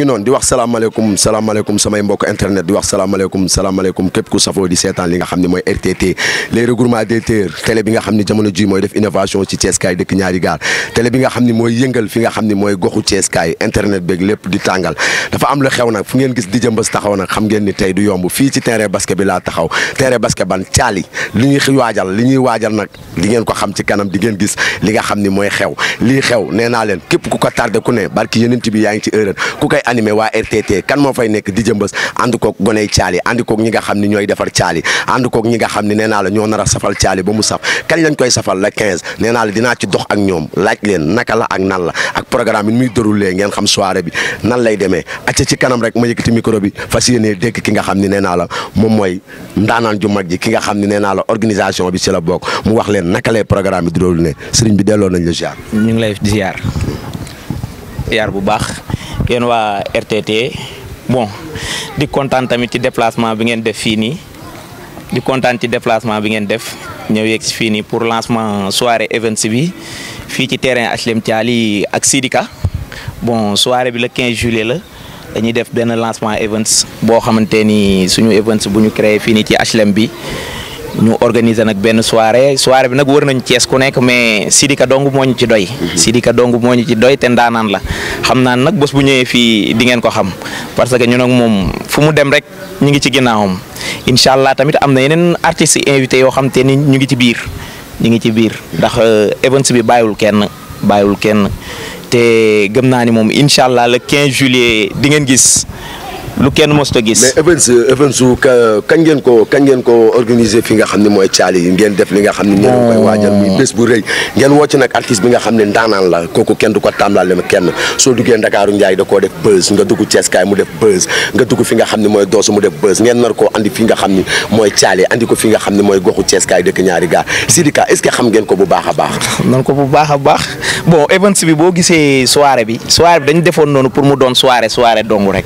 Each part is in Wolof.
ngi noonu di wax salaamaaleykum salaamaaleykum samay mbokk internet di wax salaamaaleykum salaamaaleykum képp ku safoo di seetaan li nga xam ne mooy RTT les regroupements des terres télé bi nga xam ne jamono ji mooy def nga xam ne mooy yëngal fi nga xam ne mooy goxu Thiès kaay internet beeg lépp di tàngal dafa am la xew nag fu ngeen gis di jëmbës taxaw nag xam ngeen ni tey du yomb fii ci terrain basket bi laa taxaw terrain basket ban caali li ñuy waajal li ñuy waajal nag di ngeen ko xam ci kanam di ngeen gis li nga xam ne mooy xew lii xew nee naa leen képp ku ko tardé ku ne barki yeneen bi yaa ngi animé waa RTT kan moo fay nekk di jëmbës ànd koog goney caali ànd koog ñi nga xam ne ñooy defar caali ànd kook ñi nga xam ne nee naa la ñoo nar a safal caali ba mu saf kañ lañ koy safal la 15 nee naa la dinaa ci dox ak ñoom laaj leen naka la ak nan la ak programme bi muy déroulé ngeen xam soirée bi nan lay demee acca ci kanam rek ma yëkkati micro bi fas yéenee dégg ki nga xam ne nee la moom mooy ndaanaan ju mag ji ki nga xam ni nee naa la organisation bi si la bokk mu wax leen naka lay programme bi di déroulé sëriñ bi delloo nañ la ziar. ñu ngi lay ziar ziar bu baax. yéen waa RTT bon di kontaan tamit ci déplacement bi ngeen def fii nii di kontaan ci déplacement bi ngeen def ñëw yegg si fii nii pour lancement soirée events bi fii ci terrain HLM Thialy ak Sidika bon soirée bi le 15 juillet la dañuy def benn lancement events boo xamante ni suñu events bu ñu créé fii nii ci HLM bi. ñu organiser nag benn soirée soirée bi nag wër nañu Cees ku nekk mais Sidika dong moo ñu ci doy. Mhm. Sidika dong moo ñu ci doy te ndaanaan la xam naa nag bés bu ñëwee fii dingeen ko xam parce que ñu nag moom fu mu dem rek ñu ngi ci ginnaawam incha allah tamit am na yeneen artistes invité yoo xam te ni ñu ngi ci biir ñu ngi ci biir ndax euh, events bi bàyyiwul kenn bàyyiwul kenn te gëm naa ni moom incha allah le 15 juillet di ngeen gis. lu kenn most a gis. mais kañ ngeen ko kañ ngeen ko organiser fi nga xam ne mooy caali yi ngeen def li nga xam ne. ñoom mooy waajal muy bés bu rëy. ngeen woo ci nag artiste bi nga xam ne ndaanaan la kooku kenn du ko tàmbale ma kenn soo duggee Ndakaaru Njaay da koo def buzz nga dugg Cees kaay mu def buzz nga dugg fi nga xam ne mooy doosu mu def buzz ngeen nar koo andi fi nga xam ni mooy caali andi ko fi nga xam ne mooy goxu Cees kaay dëkk ñaari gaar Sidika est xam ko bu baax a baax. nan a baax bon events bi boo gisee soirée bi soirée bi defoon noonu pour mu doon soirée soirée dong rek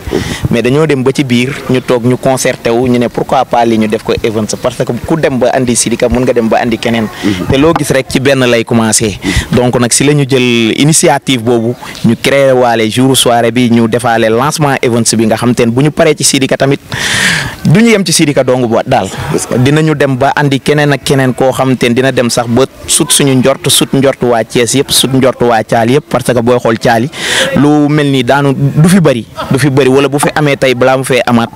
mais dañoo dem ba ci biir ñu toog ñu concerté wu ñu ne pourquoi pas li ñu def ko events parce que ku dem ba indi Sidika mun nga dem ba andi keneen. Mhm. te loo gis rek ci benn lay commencé. Mhm. donc nag si la ñu jël initiative boobu ñu créé waale jour soirée bi ñu defaale lancement events bi nga xam te ne bu ñu paree ci Sidika tamit. du ñu yem ci Sidika dong ba daal. dinañu dem ba andi keneen ak keneen koo xam te dina dem sax ba sut suñu njort sut njort waa Thiès yëpp sut njort waa Thial yëpp parce que booy xool caali lu mel nii daanu du fi bëri du fi bëri wala bu fi amee tey balaa mu fee amaat.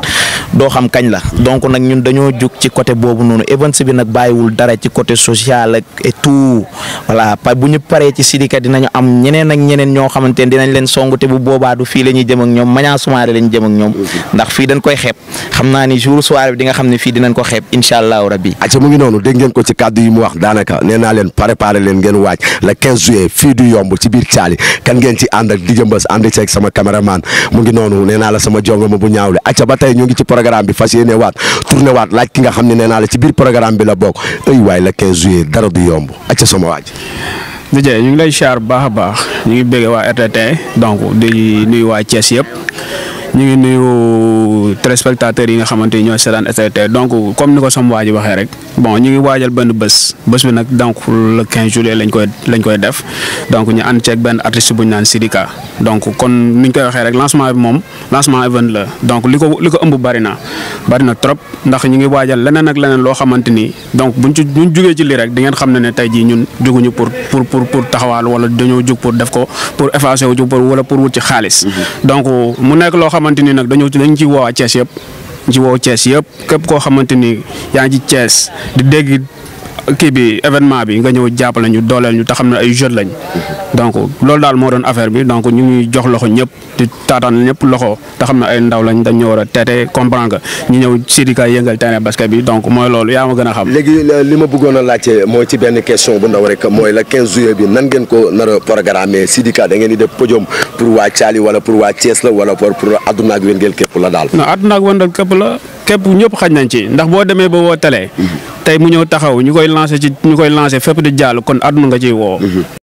doo xam kañ la donc nag ñun dañoo jug ci côté boobu noonu events bi nag bàyyiwul dara ci côté social ak et tout voilà pa bu ñu paree ci Sidika dinañu am ñeneen ak ñeneen ñoo xamante ne dinañ leen song te bu boobaa du fii la ñuy jëm ñoom Maniang Soumaré la ñu jëm ñoom ndax fi dañ koy xeeb xam naa ni jour soirée bi di nga xam ne fii dinañ ko xeeb incha allahu rabbi acca mu ngi noonu dégg ngeen ko ci kàddu yi mu wax daanaka nee naa leen préparé leen ngeen waaj le 15 juillet fii du yomb ci biir caali kan ngeen ànd ak di jëmbës ànd ceeg sama caméraman mu ngi noonu nee naa la sama jongoma bu ñaawle programme bi fas waat tourné waat laaj ki nga xam ne nee naa la ci biir programme bi la bokk ay waay la 15 juillet dara du yomb acca sama waaj Dj ñu ngi lay siyaar bu baax a baax ñu ngi bëgg waa RTT donc di nuyu waa cees yëpp. ñu ngi nuyu téléspectateurs yi nga xamante ni ñoo seetaan STT donc comme ni ko sama waa ji waxee rek bon ñu ngi waajal benn bés bés bi nag donc le 15 juillet lañ koy lañ koy def donc ñu ànd ceeg benn artiste bu ñu naan Sidika donc kon ni ñu koy waxee rek lancement bi moom lancement event la donc li ko li ko ëmb bari na bari na trop ndax ñu ngi waajal leneen nag leneen loo xamante ni donc buñ ci buñ jugee ci lii rek di ngeen xam ne ne tey jii ñun juguñu pour pour pour pour taxawaal wala dañoo jug pour def ko pour effacer wu pour wala pour wut xaalis mm-hmm. xamante ni nag dañoo dañ ci woo Cees yëpp ñu ci woo Cees yëpp képp koo xamante ni yaa ngi ci Cees di dégg kii bi événement bi nga ñëw jàppale ñu dooleel ñu te xam na ay jeunes lañ donc loolu daal moo doon affaire bi donc ñu ngi jox loxo ñëpp di taataan ñëpp loxo te xam ne ay ndaw lañ dañ ñoo war a teete comprendre nga ñu ñëw Sidika yëngal terrain basket bi donc mooy loolu yaa ma gën a xam. léegi euh, li ma bëggoon a laajte mooy ci benn question bu ndaw rek mooy la 15 juillet bi nan ngeen ko nar a programmer Sidika da ngeen di def podium pour waa Thiali wala pour waa Thiès la wala pour pour àdduna ak wëndeel képp la daal. non àdduna ak wëndeel la képp ñëpp xaj nañ ci ndax boo demee ba woo télé mhm. tey mu ñëw taxaw ñu koy lancé ci ñu koy lancé fépp di jàll kon àdduna nga ciy woo. Mhm.